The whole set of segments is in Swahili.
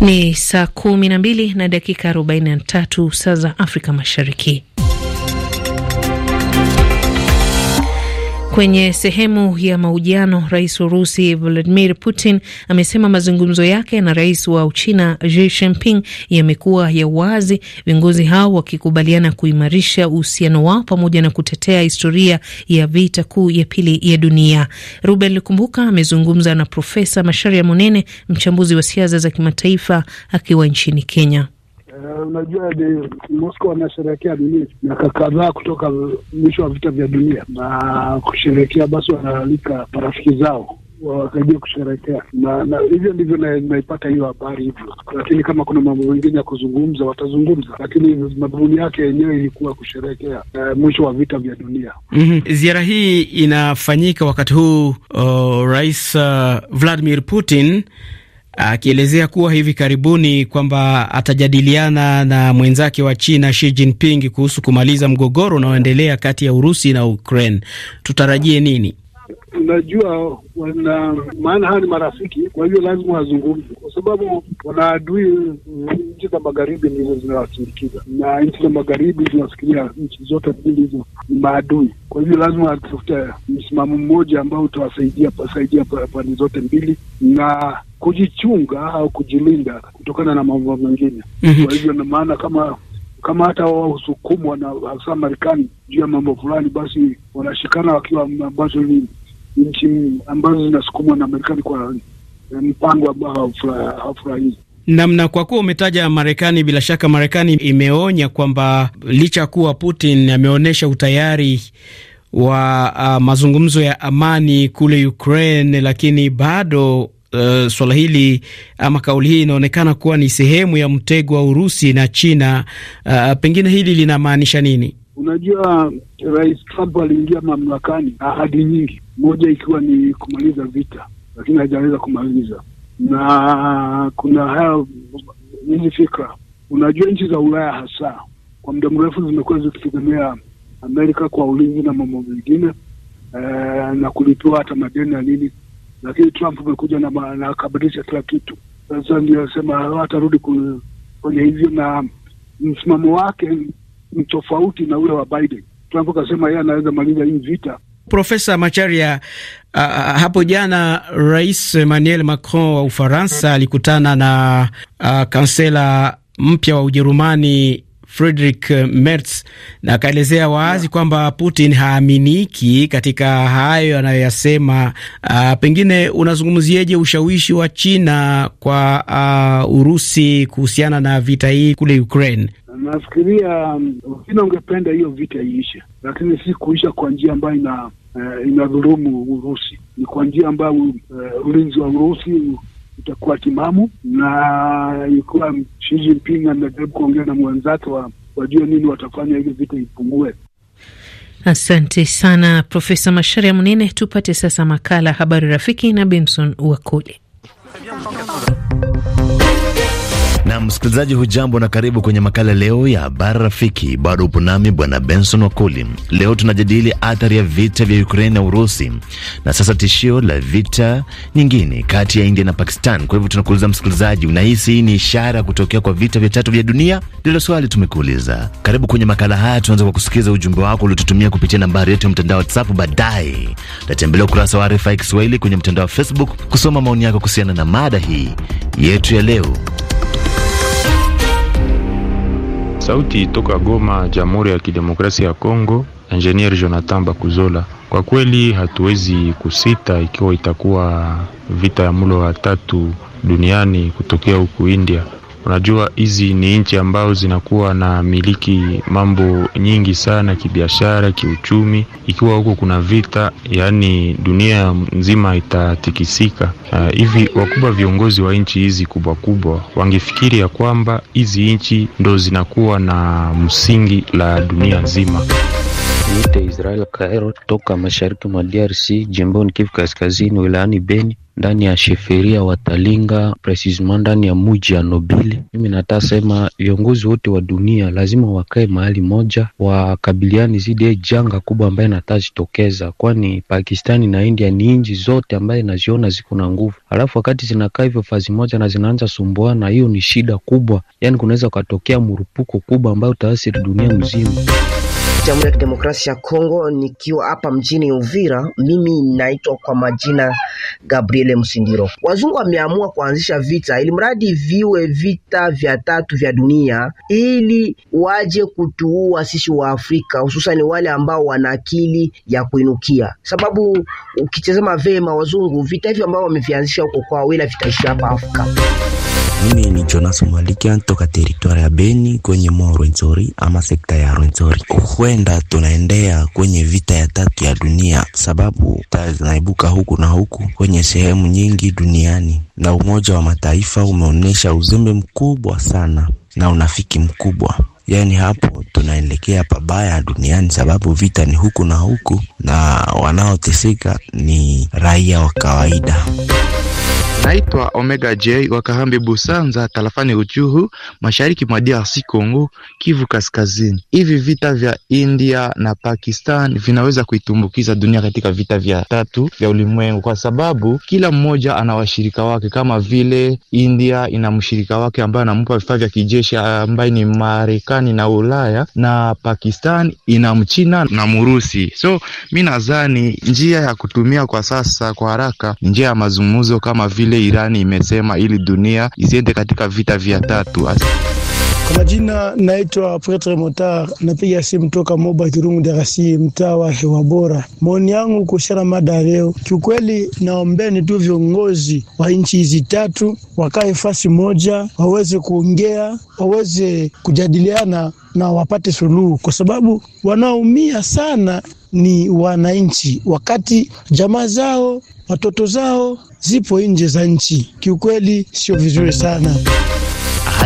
Ni saa kumi na mbili na dakika arobaini na tatu saa za Afrika Mashariki. Kwenye sehemu ya mahojiano, rais wa Urusi Vladimir Putin amesema mazungumzo yake na rais wa Uchina Xi Jinping yamekuwa ya wazi, viongozi hao wakikubaliana kuimarisha uhusiano wao pamoja na kutetea historia ya vita kuu ya pili ya dunia. Ruben Kumbuka amezungumza na Profesa Masharia Munene, mchambuzi wa siasa za kimataifa akiwa nchini Kenya. Uh, unajua ni Moscow wanasherehekea nini miaka kadhaa kutoka mwisho wa vita vya dunia, na kusherehekea basi wanaalika marafiki zao wakajia kusherehekea na, na hivyo ndivyo naipata hiyo habari hivyo, lakini kama kuna mambo mengine ya kuzungumza watazungumza, lakini madhumuni yake yenyewe ilikuwa kusherehekea e, mwisho wa vita vya dunia. mm -hmm. Ziara hii inafanyika wakati huu uh, Rais uh, Vladimir Putin akielezea kuwa hivi karibuni kwamba atajadiliana na mwenzake wa China Xi Jinping kuhusu kumaliza mgogoro unaoendelea kati ya Urusi na Ukraine. Tutarajie nini? unajua wana maana, hawa ni marafiki, kwa hivyo lazima wazungumze, kwa sababu wana adui. Nchi za magharibi ndizo zinawasindikiza na nchi za magharibi zinafikiria nchi zote mbili hizo ni maadui. Kwa hivyo lazima watafute msimamo mmoja ambao utawasaidia pasaidia pande zote mbili na kujichunga au kujilinda kutokana na mambo mengine. Mhm. Kwa hivyo na maana kama kama hata wausukumwa na hasa Marekani juu ya mambo fulani, basi wanashikana wakiwa ambacho ni nchi ambazo zinasukumwa na Marekani kwa eh, mpango ambao hawafurahii namna kwa kuwa umetaja Marekani, bila shaka Marekani imeonya kwamba licha ya kuwa Putin ameonyesha utayari wa uh, mazungumzo ya amani kule Ukraine, lakini bado uh, swala hili ama kauli hii inaonekana kuwa ni sehemu ya mtego wa Urusi na China. Uh, pengine hili linamaanisha nini? Unajua, Rais Trump aliingia mamlakani ahadi nyingi, moja ikiwa ni kumaliza vita, lakini hajaweza kumaliza, na kuna haya hizi fikra. Unajua, nchi za Ulaya hasa kwa muda mrefu zimekuwa zikitegemea Amerika kwa ulinzi na mambo mengine eh, na kulipiwa hata madeni na nini, lakini Trump amekuja na akabadilisha kila kitu. Sasa ndio sema hawatarudi kwenye hivyo, na msimamo wake ni tofauti na ule wa Biden. Trump akasema yeye anaweza maliza hii vita. Profesa Macharia, uh, hapo jana Rais Emmanuel Macron wa Ufaransa alikutana na uh, kansela mpya wa Ujerumani Friedrich eh, Merz, na akaelezea wazi yeah, kwamba Putin haaminiki katika hayo anayoyasema. Uh, pengine unazungumzieje ushawishi wa China kwa uh, Urusi kuhusiana na vita hii kule Ukraine? Nafikiria Uchina um, ungependa hiyo vita iishe, lakini si kuisha kwa njia ambayo ina uh, eh, inadhurumu Urusi, ni kwa njia ambayo uh, ulinzi wa Urusi itakuwa timamu, na ikiwa Xi Jinping amejaribu kuongea na mwenzake wa wajue nini watafanya ili vitu ipungue. Asante sana Profesa Masharia Munene. Tupate sasa makala Habari Rafiki na Benson Wakoli. Na msikilizaji, hujambo na karibu kwenye makala leo ya habari rafiki. Bado upo nami bwana Benson Wakoli. Leo tunajadili athari ya vita vya Ukraine na Urusi, na sasa tishio la vita nyingine kati ya India na Pakistan. Kwa hivyo tunakuuliza msikilizaji, unahisi hii ni ishara ya kutokea kwa vita vya tatu vya dunia? Ndilo swali tumekuuliza. Karibu kwenye makala haya. Tunaanza kwa kusikiza ujumbe wako uliotutumia kupitia nambari yetu ya mtandao wa WhatsApp. Baadaye tatembelea ukurasa wa RFI Kiswahili kwenye mtandao wa Facebook kusoma maoni yako kuhusiana na mada hii yetu ya leo. Sauti toka Goma, Jamhuri ya Kidemokrasia ya Kongo. Engineer Jonathan Bakuzola, kwa kweli hatuwezi kusita ikiwa itakuwa vita ya mulo wa tatu duniani kutokea huku India Unajua, hizi ni nchi ambazo zinakuwa na miliki mambo nyingi sana kibiashara, kiuchumi. Ikiwa huko kuna vita, yaani dunia nzima itatikisika. Uh, hivi wakubwa viongozi wa nchi hizi kubwa kubwa wangefikiri ya kwamba hizi nchi ndo zinakuwa na msingi la dunia nzima. Niite Israel Kaero toka mashariki mwa DRC, jimboni Kivu Kaskazini, wilayani Beni ndani ya sheferia watalinga precisement ndani ya muji ya Nobile. Mimi natasema viongozi wote wa dunia lazima wakae mahali moja, wakabiliani zidi ye janga kubwa ambaye natajitokeza, kwani Pakistani na India ni nchi zote ambaye naziona ziko na nguvu, alafu wakati zinakaa hivyo fazi moja na zinaanza sumbuana, hiyo ni shida kubwa. Yani kunaweza ukatokea mrupuko kubwa ambayo utaasiri dunia mzima. Jamhuri ya Kidemokrasia ya Kongo, nikiwa hapa mjini Uvira. Mimi naitwa kwa majina Gabriele Msindiro. Wazungu wameamua kuanzisha vita ili mradi viwe vita vya tatu vya dunia, ili waje kutuua sisi wa Afrika, hususani wale ambao wana akili ya kuinukia, sababu ukitazama vema wazungu vita hivyo ambao wamevianzisha huko kwao, wila vitaishi hapa Afrika. Mimi ni Jonas Malikian toka teritwari ya Beni kwenye mwa Rwenzori ama sekta ya Rwenzori tunakwenda tunaendea kwenye vita ya tatu ya dunia, sababu ta zinaibuka huku na huku kwenye sehemu nyingi duniani, na Umoja wa Mataifa umeonyesha uzembe mkubwa sana na unafiki mkubwa. Yaani hapo tunaelekea pabaya duniani, sababu vita ni huku na huku, na wanaoteseka ni raia wa kawaida. Naitwa Omega J wa Kahambi Busanza tarafani Ruchuru mashariki mwa DRC Congo Kivu Kaskazini. Hivi vita vya India na Pakistan vinaweza kuitumbukiza dunia katika vita vya tatu vya ulimwengu, kwa sababu kila mmoja ana washirika wake, kama vile India ina mshirika wake ambaye anampa vifaa vya kijeshi ambaye ni Marekani na Ulaya, na Pakistan ina mchina na Murusi. So mi nadhani njia ya kutumia kwa sasa kwa haraka njia ya mazungumzo kama vile vile Irani imesema ili dunia isiende katika vita vya tatu. Kwa majina naitwa Pretre Motar, napiga simu toka Moba Kirungu Darasi, mtaa wa hewa bora. Maoni yangu kuhusiana mada leo, kiukweli naombeni tu viongozi wa nchi hizi tatu wakae fasi moja, waweze kuongea, waweze kujadiliana na wapate suluhu, kwa sababu wanaumia sana ni wananchi, wakati jamaa zao watoto zao zipo nje za nchi. Kiukweli sio vizuri sana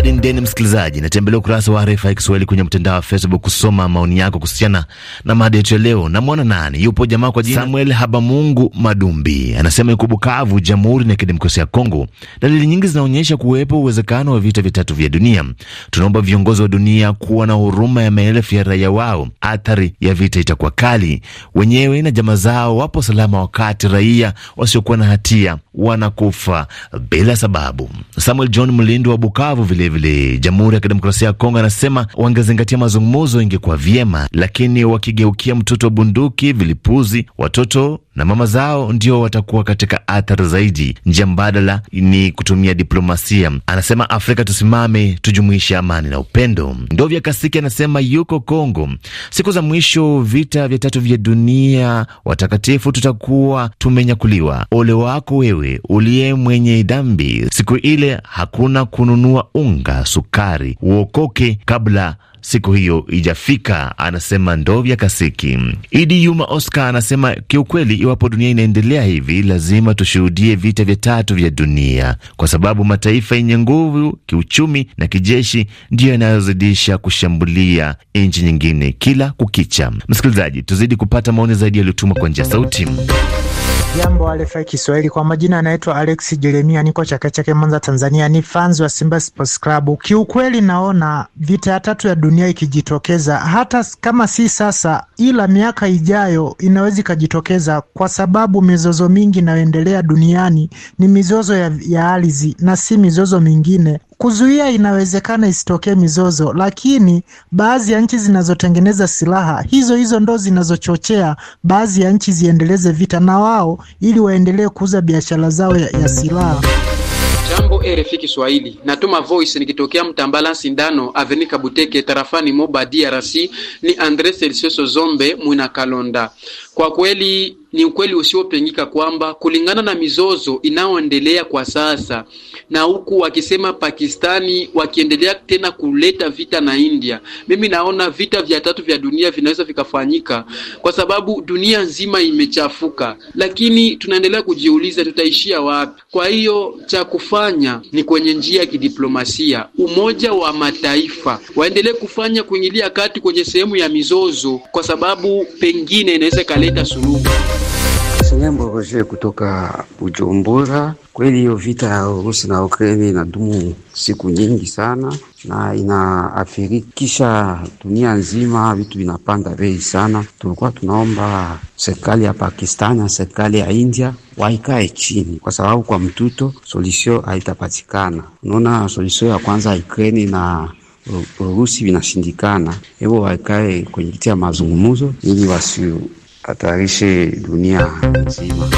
hadi ndeni, msikilizaji, natembelea ukurasa wa RFI Kiswahili kwenye mtandao wa Facebook kusoma maoni yako kuhusiana na mada yetu ya leo. Namwona nani? Yupo jamaa kwa jina Samuel Habamungu Madumbi, anasema yuko Bukavu, Jamhuri ya Kidemokrasia ya Kongo. Dalili nyingi zinaonyesha kuwepo uwezekano wa vita vitatu vya dunia. Tunaomba viongozi wa dunia kuwa na huruma ya maelfu ya raia wao. Athari ya vita itakuwa kali, wenyewe na jamaa zao wapo salama, wakati raia wasiokuwa na hatia wanakufa bila sababu. Samuel John mlindo wa Bukavu, vilevile Jamhuri ya Kidemokrasia ya Kongo, anasema wangezingatia mazungumzo ingekuwa vyema, lakini wakigeukia mtoto wa bunduki, vilipuzi, watoto na mama zao ndio watakuwa katika athari zaidi. Njia mbadala ni kutumia diplomasia, anasema. Afrika tusimame, tujumuishe amani na upendo. Ndovya Kasiki anasema yuko Kongo, siku za mwisho vita vya tatu vya dunia watakatifu, tutakuwa tumenyakuliwa. Ole wako wewe wewe uliye mwenye dhambi, siku ile hakuna kununua unga, sukari, uokoke kabla siku hiyo ijafika, anasema Ndovya Kasiki. Idi Yuma Oscar anasema kiukweli, iwapo dunia inaendelea hivi, lazima tushuhudie vita vya tatu vya dunia, kwa sababu mataifa yenye nguvu kiuchumi na kijeshi ndiyo yanayozidisha kushambulia nchi nyingine kila kukicha. Msikilizaji, tuzidi kupata maoni zaidi yaliyotumwa kwa njia sauti. Jambo alefai Kiswahili, kwa majina anaitwa Alex Jeremia, niko Chake Chake, Mwanza, Tanzania. Ni fans wa Simba Sports Club. Kiukweli naona vita ya tatu ya dunia dunia ikijitokeza, hata kama si sasa, ila miaka ijayo inaweza ikajitokeza, kwa sababu mizozo mingi inayoendelea duniani ni mizozo ya, ya ardhi na si mizozo mingine. Kuzuia inawezekana isitokee mizozo, lakini baadhi ya nchi zinazotengeneza silaha hizo hizo ndo zinazochochea baadhi ya nchi ziendeleze vita na wao, ili waendelee kuuza biashara zao ya, ya silaha. Jambo RFI Kiswahili, natuma voice nikitokea Mtambala Sindano Aveni Kabuteke tarafani Moba DRC. Ni Andre Selisoso Zombe Mwina Kalonda. Kwa kweli ni ukweli usiopengika kwamba kulingana na mizozo inayoendelea kwa sasa na huku wakisema Pakistani wakiendelea tena kuleta vita na India. Mimi naona vita vya tatu vya dunia vinaweza vikafanyika kwa sababu dunia nzima imechafuka, lakini tunaendelea kujiuliza tutaishia wapi? Kwa hiyo cha kufanya ni kwenye njia ya kidiplomasia. Umoja wa Mataifa waendelee kufanya kuingilia kati kwenye sehemu ya mizozo, kwa sababu pengine inaweza ikaleta suluhu. Kalembo Roger kutoka Bujumbura. Kweli hiyo vita ya Urusi na Ukraini inadumu siku nyingi sana na inaafirikisha dunia nzima, vitu vinapanda bei sana. Tulikuwa tunaomba serikali ya Pakistani na serikali ya India waikae chini, kwa sababu kwa mtuto solution haitapatikana. Unaona, solution ya kwanza Ukraini na Urusi vinashindikana, hivyo waikae kwenye kiti ya ili wasi hatarishe dunia nzima.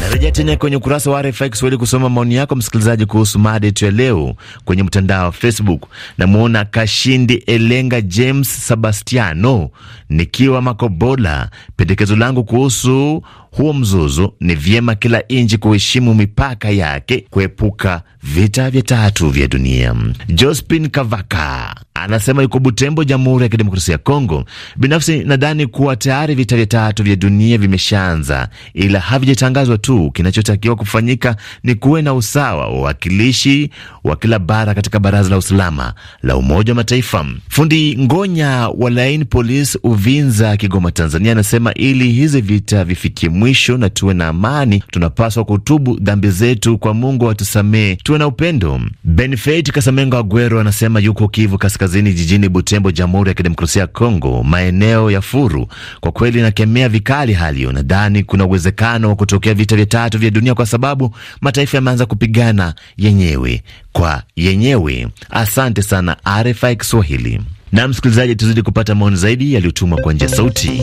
Narejea tena kwenye ukurasa wa RFI Kiswahili kusoma maoni yako msikilizaji kuhusu mada yetu ya leo kwenye mtandao wa Facebook. Namwona Kashindi Elenga James Sebastiano nikiwa Makobola, pendekezo langu kuhusu huo mzozo, ni vyema kila nchi kuheshimu mipaka yake kuepuka vita vya tatu vya dunia. Jospin Kavaka anasema yuko Butembo, Jamhuri ya Kidemokrasia ya Kongo. Binafsi nadhani kuwa tayari vita vya tatu vya dunia vimeshaanza, ila havijatangazwa tu. Kinachotakiwa kufanyika ni kuwe na usawa wa wakilishi wa kila bara katika Baraza la Usalama la Umoja wa Mataifa. Fundi Ngonya wa Laini Police Uvinza, Kigoma, Tanzania, anasema ili hizi vita vifikie mwisho na tuwe na amani. Tunapaswa kutubu dhambi zetu kwa Mungu atusamee, tuwe na upendo. Benfeit Kasamengo Agwero anasema yuko Kivu Kaskazini, jijini Butembo, Jamhuri ya Kidemokrasia ya Kongo, maeneo ya Furu. Kwa kweli nakemea vikali hali hiyo. Nadhani kuna uwezekano wa kutokea vita vya tatu vya dunia kwa sababu mataifa yameanza kupigana yenyewe kwa yenyewe. Asante sana RFI Kiswahili. Na msikilizaji, tuzidi kupata maoni zaidi yaliyotumwa kwa njia sauti.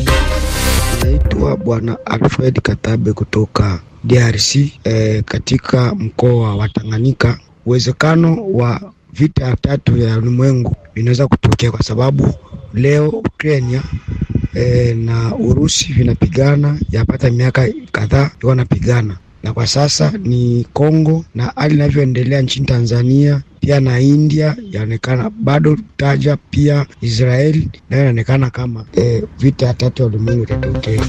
Naitwa Bwana Alfred Katabe kutoka DRC e, eh, katika mkoa wa Tanganyika. Uwezekano wa vita ya tatu ya ulimwengu inaweza kutokea kwa sababu leo Ukraine e, na Urusi vinapigana yapata miaka kadhaa wanapigana na kwa sasa ni Kongo, na hali inavyoendelea nchini Tanzania pia na India yaonekana bado taja, pia Israeli nayo inaonekana kama eh, vita ya tatu ya ulimwengu itatokea.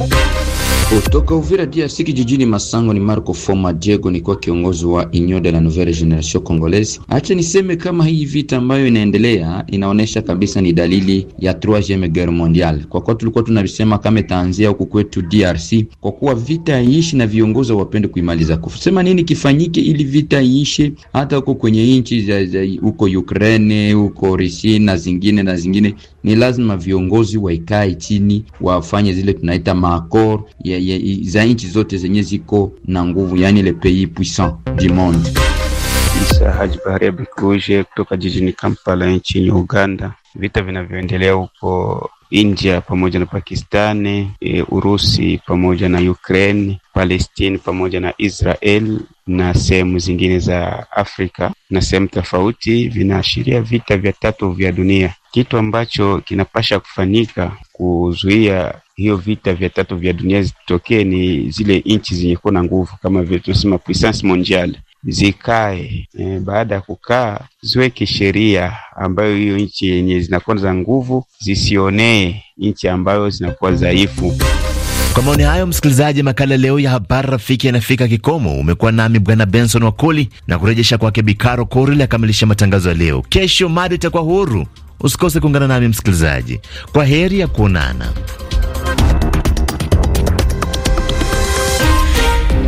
Kutoka Uvira DRC kijijini Masango ni Marco Foma Diego, ni kwa kiongozi wa Inyoda la Nouvelle Generation Congolaise. Acha niseme kama hii vita ambayo inaendelea inaonyesha kabisa ni dalili ya troisieme guerre mondiale, kwa kuwa tulikuwa tunasema kama itaanzia huku kwetu DRC, kwa kuwa vita iishi na viongozi wapende kuimaliza. Kusema nini kifanyike ili vita iishe, hata huko kwenye nchi za huko Ukraine, huko rusi na zingine na zingine, ni lazima viongozi waikae chini wafanye zile tunaita maakor ya ya, za nchi zote zenye ziko na nguvu, yani le pays puissant du monde. Isa Haji Bahari ya Bikuje kutoka jijini Kampala nchini Uganda. Vita vinavyoendelea huko India pamoja na Pakistani, e, Urusi pamoja na Ukraine, Palestine pamoja na Israel na sehemu zingine za Afrika na sehemu tofauti, vinaashiria vita vya tatu vya dunia, kitu ambacho kinapasha kufanyika kuzuia hiyo vita vya tatu vya dunia zitokee, ni zile nchi zenye kuwa na nguvu kama vile tunasema puissance mondiale zikae e, baada ya kukaa ziweke sheria ambayo hiyo nchi yenye zinakuwa za nguvu zisionee nchi ambayo zinakuwa dhaifu. Kwa maoni hayo, msikilizaji, makala leo ya habari rafiki yanafika kikomo. Umekuwa nami Bwana Benson Wakoli na kurejesha kwake Bikaro Korili akamilisha matangazo ya leo. Kesho mada itakuwa huru, usikose kuungana nami msikilizaji. Kwa heri ya kuonana.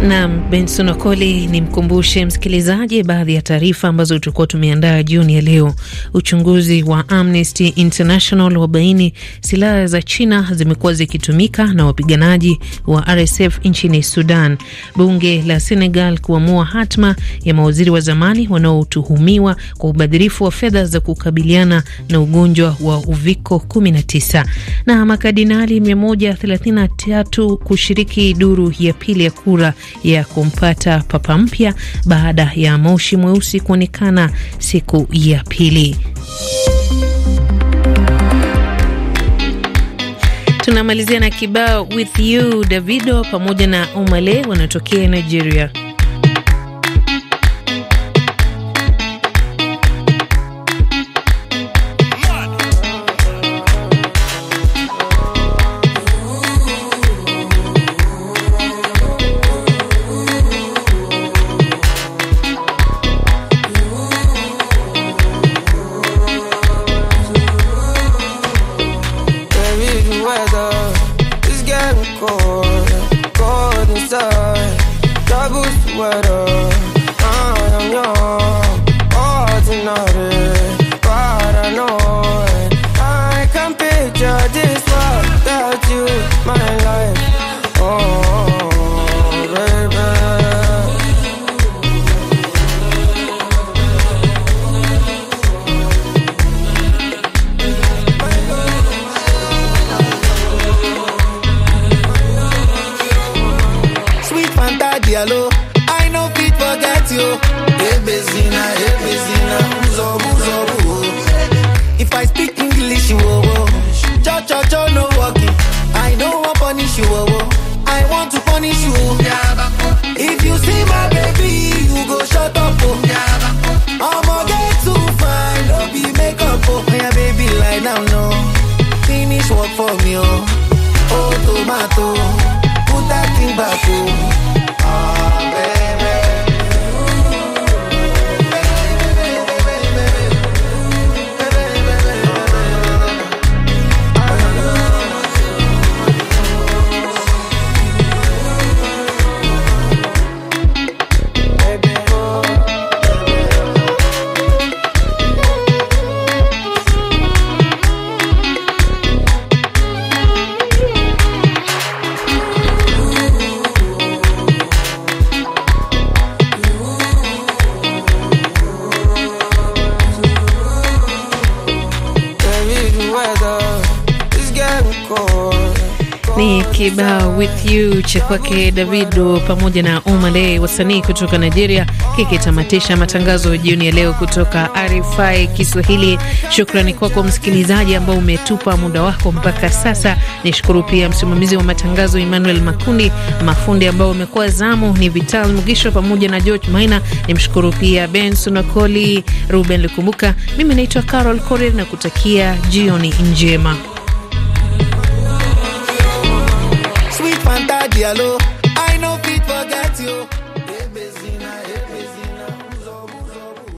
Nam Benson Okoli ni mkumbushe msikilizaji baadhi ya taarifa ambazo tulikuwa tumeandaa jioni ya leo. Uchunguzi wa Amnesty International wabaini silaha za China zimekuwa zikitumika na wapiganaji wa RSF nchini Sudan. Bunge la Senegal kuamua hatma ya mawaziri wa zamani wanaotuhumiwa kwa ubadhirifu wa fedha za kukabiliana na ugonjwa wa uviko 19, na makadinali 133 kushiriki duru ya pili ya kura ya kumpata papa mpya baada ya moshi mweusi kuonekana siku ya pili. Tunamalizia na kibao with you Davido pamoja na Omale wanatokea Nigeria. Niache kwake Davido pamoja na Omale, wasanii kutoka Nigeria, kikitamatisha matangazo jioni ya leo kutoka RFI Kiswahili. Shukrani kwako kwa msikilizaji ambao umetupa muda wako mpaka sasa. Nishukuru pia msimamizi wa matangazo Emmanuel Makundi, mafundi ambao wamekuwa zamu ni Vital Mugisho pamoja na George Maina. Nimshukuru pia Benson Okoli, Ruben Lukumbuka. Mimi naitwa Carol Korir na kutakia jioni njema. diálogo